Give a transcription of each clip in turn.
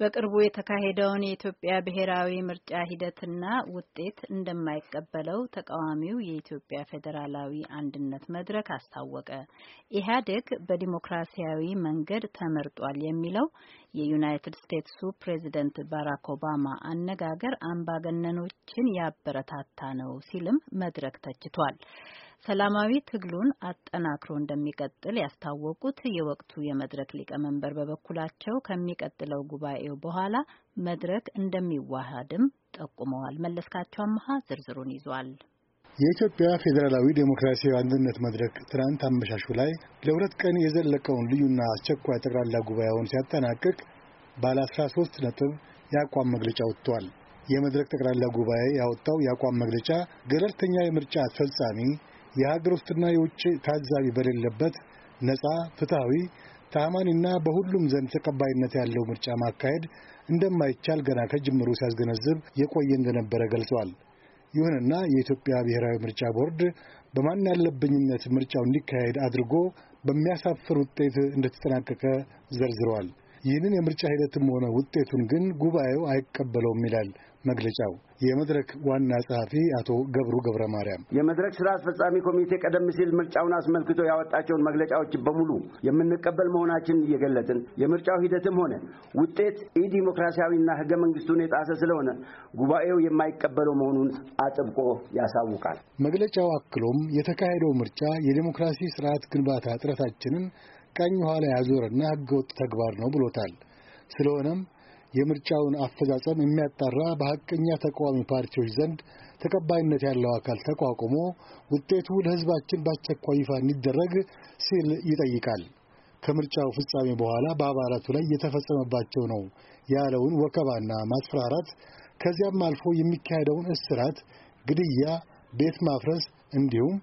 በቅርቡ የተካሄደውን የኢትዮጵያ ብሔራዊ ምርጫ ሂደትና ውጤት እንደማይቀበለው ተቃዋሚው የኢትዮጵያ ፌዴራላዊ አንድነት መድረክ አስታወቀ። ኢህአዴግ በዲሞክራሲያዊ መንገድ ተመርጧል የሚለው የዩናይትድ ስቴትሱ ፕሬዚደንት ባራክ ኦባማ አነጋገር አምባገነኖችን ያበረታታ ነው ሲልም መድረክ ተችቷል። ሰላማዊ ትግሉን አጠናክሮ እንደሚቀጥል ያስታወቁት የወቅቱ የመድረክ ሊቀመንበር በበኩላቸው ከሚቀጥለው ጉባኤው በኋላ መድረክ እንደሚዋሃድም ጠቁመዋል። መለስካቸው አመሃ ዝርዝሩን ይዟል። የኢትዮጵያ ፌዴራላዊ ዴሞክራሲያዊ አንድነት መድረክ ትናንት አመሻሹ ላይ ለሁለት ቀን የዘለቀውን ልዩና አስቸኳይ ጠቅላላ ጉባኤውን ሲያጠናቅቅ ባለ አስራ ሶስት ነጥብ የአቋም መግለጫ ወጥቷል። የመድረክ ጠቅላላ ጉባኤ ያወጣው የአቋም መግለጫ ገለልተኛ የምርጫ አስፈጻሚ የሀገር ውስጥና የውጭ ታዛቢ በሌለበት ነፃ፣ ፍትሐዊ፣ ተአማኒና በሁሉም ዘንድ ተቀባይነት ያለው ምርጫ ማካሄድ እንደማይቻል ገና ከጅምሩ ሲያስገነዝብ የቆየ እንደነበረ ገልጿል። ይሁንና የኢትዮጵያ ብሔራዊ ምርጫ ቦርድ በማን ያለብኝነት ምርጫው እንዲካሄድ አድርጎ በሚያሳፍር ውጤት እንደተጠናቀቀ ዘርዝረዋል። ይህንን የምርጫ ሂደትም ሆነ ውጤቱን ግን ጉባኤው አይቀበለውም ይላል መግለጫው። የመድረክ ዋና ጸሐፊ አቶ ገብሩ ገብረ ማርያም የመድረክ ስራ አስፈጻሚ ኮሚቴ ቀደም ሲል ምርጫውን አስመልክቶ ያወጣቸውን መግለጫዎች በሙሉ የምንቀበል መሆናችን እየገለጥን የምርጫው ሂደትም ሆነ ውጤት ኢዲሞክራሲያዊና ህገ መንግስቱን የጣሰ ስለሆነ ጉባኤው የማይቀበለው መሆኑን አጥብቆ ያሳውቃል። መግለጫው አክሎም የተካሄደው ምርጫ የዲሞክራሲ ስርዓት ግንባታ ጥረታችንን ጨካኝ ኋላ ያዞርና ህገወጥ ተግባር ነው ብሎታል። ስለሆነም የምርጫውን አፈጻጸም የሚያጣራ በሐቀኛ ተቃዋሚ ፓርቲዎች ዘንድ ተቀባይነት ያለው አካል ተቋቁሞ ውጤቱ ለህዝባችን በአስቸኳይ ይፋ እንዲደረግ ሲል ይጠይቃል። ከምርጫው ፍጻሜ በኋላ በአባላቱ ላይ የተፈጸመባቸው ነው ያለውን ወከባና ማስፈራራት ከዚያም አልፎ የሚካሄደውን እስራት፣ ግድያ፣ ቤት ማፍረስ እንዲሁም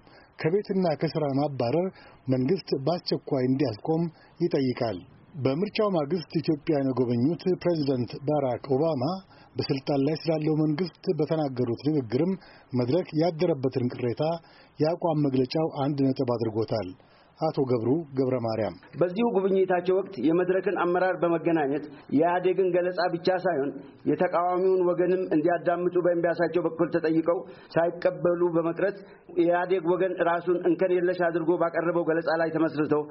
ከቤትና ከስራ ማባረር መንግስት በአስቸኳይ እንዲያስቆም ይጠይቃል። በምርጫው ማግስት ኢትዮጵያን የጎበኙት ፕሬዚደንት ባራክ ኦባማ በስልጣን ላይ ስላለው መንግስት በተናገሩት ንግግርም መድረክ ያደረበትን ቅሬታ የአቋም መግለጫው አንድ ነጥብ አድርጎታል። አቶ ገብሩ ገብረ ማርያም በዚሁ ጉብኝታቸው ወቅት የመድረክን አመራር በመገናኘት የኢህአዴግን ገለጻ ብቻ ሳይሆን የተቃዋሚውን ወገንም እንዲያዳምጡ በእምቢያሳቸው በኩል ተጠይቀው ሳይቀበሉ በመቅረት የኢህአዴግ ወገን ራሱን እንከን የለሽ አድርጎ ባቀረበው ገለጻ ላይ ተመስርተው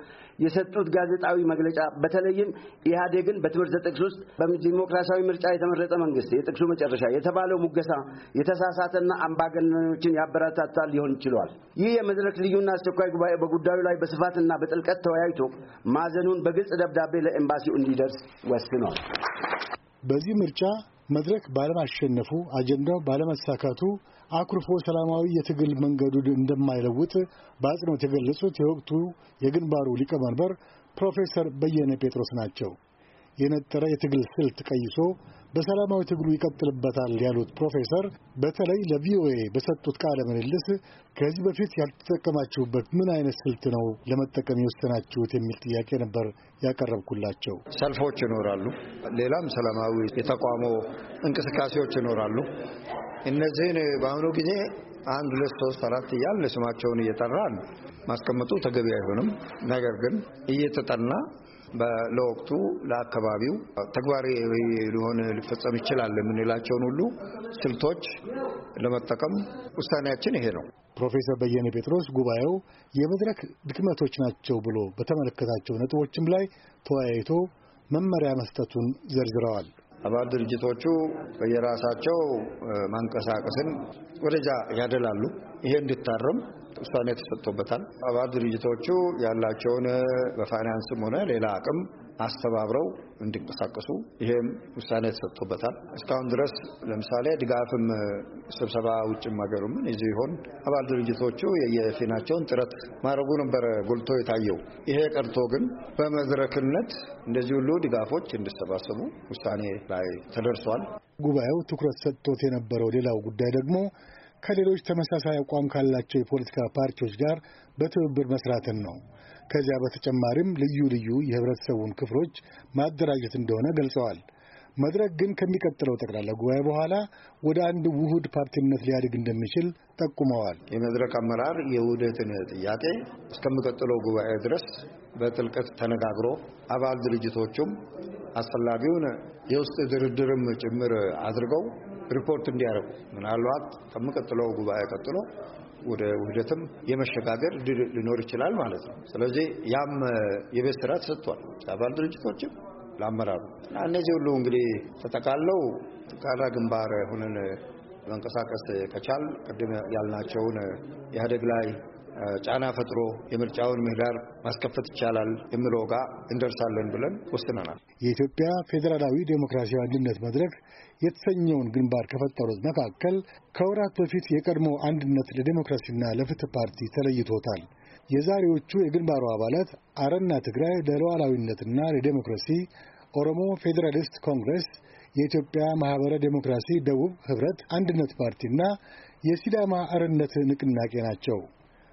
የሰጡት ጋዜጣዊ መግለጫ በተለይም ኢህአዴግን በትምህርት ጥቅስ ውስጥ በዲሞክራሲያዊ ምርጫ የተመረጠ መንግስት የጥቅሱ መጨረሻ የተባለው ሙገሳ የተሳሳተና አምባገነኖችን ያበረታታል ሊሆን ይችሏል። ይህ የመድረክ ልዩና አስቸኳይ ጉባኤ በጉዳዩ ላይ በስፋትና በጥልቀት ተወያይቶ ማዘኑን በግልጽ ደብዳቤ ለኤምባሲው እንዲደርስ ወስኗል። በዚህ ምርጫ መድረክ ባለማሸነፉ አጀንዳው ባለመሳካቱ አኩርፎ ሰላማዊ የትግል መንገዱን እንደማይለውጥ በአጽንኦት የገለጹት የወቅቱ የግንባሩ ሊቀመንበር ፕሮፌሰር በየነ ጴጥሮስ ናቸው። የነጠረ የትግል ስልት ቀይሶ በሰላማዊ ትግሉ ይቀጥልበታል ያሉት ፕሮፌሰር በተለይ ለቪኦኤ በሰጡት ቃለ ምልልስ ከዚህ በፊት ያልተጠቀማችሁበት ምን አይነት ስልት ነው ለመጠቀም የወሰናችሁት የሚል ጥያቄ ነበር ያቀረብኩላቸው። ሰልፎች ይኖራሉ፣ ሌላም ሰላማዊ የተቋሞ እንቅስቃሴዎች ይኖራሉ። እነዚህን በአሁኑ ጊዜ አንድ ሁለት ሶስት አራት እያልን ስማቸውን እየጠራን ማስቀመጡ ተገቢ አይሆንም። ነገር ግን እየተጠና ለወቅቱ ለአካባቢው ተግባራዊ ሊሆን ሊፈጸም ይችላል የምንላቸውን ሁሉ ስልቶች ለመጠቀም ውሳኔያችን ይሄ ነው። ፕሮፌሰር በየነ ጴጥሮስ ጉባኤው የመድረክ ድክመቶች ናቸው ብሎ በተመለከታቸው ነጥቦችም ላይ ተወያይቶ መመሪያ መስጠቱን ዘርዝረዋል። አባል ድርጅቶቹ በየራሳቸው ማንቀሳቀስን ወደዛ ያደላሉ። ይሄ እንድታረም ውሳኔ ተሰጥቶበታል። አባል ድርጅቶቹ ያላቸውን በፋይናንስም ሆነ ሌላ አቅም አስተባብረው እንዲንቀሳቀሱ ይሄም ውሳኔ ተሰጥቶበታል። እስካሁን ድረስ ለምሳሌ ድጋፍም ስብሰባ ውጭ ሀገሩም ይዞ ይሆን አባል ድርጅቶቹ የየፊናቸውን ጥረት ማድረጉ ነበረ ጎልቶ የታየው። ይሄ ቀርቶ ግን በመድረክነት እንደዚህ ሁሉ ድጋፎች እንዲሰባሰቡ ውሳኔ ላይ ተደርሷል። ጉባኤው ትኩረት ሰጥቶት የነበረው ሌላው ጉዳይ ደግሞ ከሌሎች ተመሳሳይ አቋም ካላቸው የፖለቲካ ፓርቲዎች ጋር በትብብር መስራትን ነው። ከዚያ በተጨማሪም ልዩ ልዩ የህብረተሰቡን ክፍሎች ማደራጀት እንደሆነ ገልጸዋል። መድረክ ግን ከሚቀጥለው ጠቅላላ ጉባኤ በኋላ ወደ አንድ ውሁድ ፓርቲነት ሊያድግ እንደሚችል ጠቁመዋል። የመድረክ አመራር የውህደትን ጥያቄ እስከሚቀጥለው ጉባኤ ድረስ በጥልቀት ተነጋግሮ አባል ድርጅቶቹም አስፈላጊውን የውስጥ ድርድርም ጭምር አድርገው ሪፖርት እንዲያደርጉ ምናልባት ከምቀጥለው ጉባኤ ቀጥሎ ወደ ውህደትም የመሸጋገር ሊኖር ይችላል ማለት ነው። ስለዚህ ያም የቤት ስራ ተሰጥቷል ለአባል ድርጅቶችም ለአመራሩ እና እነዚህ ሁሉ እንግዲህ ተጠቃለው ጠንካራ ግንባር ሆነን መንቀሳቀስ ከቻል ቅድም ያልናቸውን ኢህአዴግ ላይ ጫና ፈጥሮ የምርጫውን ምህዳር ማስከፈት ይቻላል የሚለው ጋር እንደርሳለን ብለን ወስነናል። የኢትዮጵያ ፌዴራላዊ ዴሞክራሲያዊ አንድነት መድረክ የተሰኘውን ግንባር ከፈጠሩት መካከል ከወራት በፊት የቀድሞ አንድነት ለዴሞክራሲና ለፍትህ ፓርቲ ተለይቶታል። የዛሬዎቹ የግንባሩ አባላት አረና ትግራይ ለሉዓላዊነትና ለዴሞክራሲ፣ ኦሮሞ ፌዴራሊስት ኮንግሬስ፣ የኢትዮጵያ ማኅበረ ዴሞክራሲ ደቡብ ኅብረት፣ አንድነት ፓርቲና የሲዳማ አርነት ንቅናቄ ናቸው።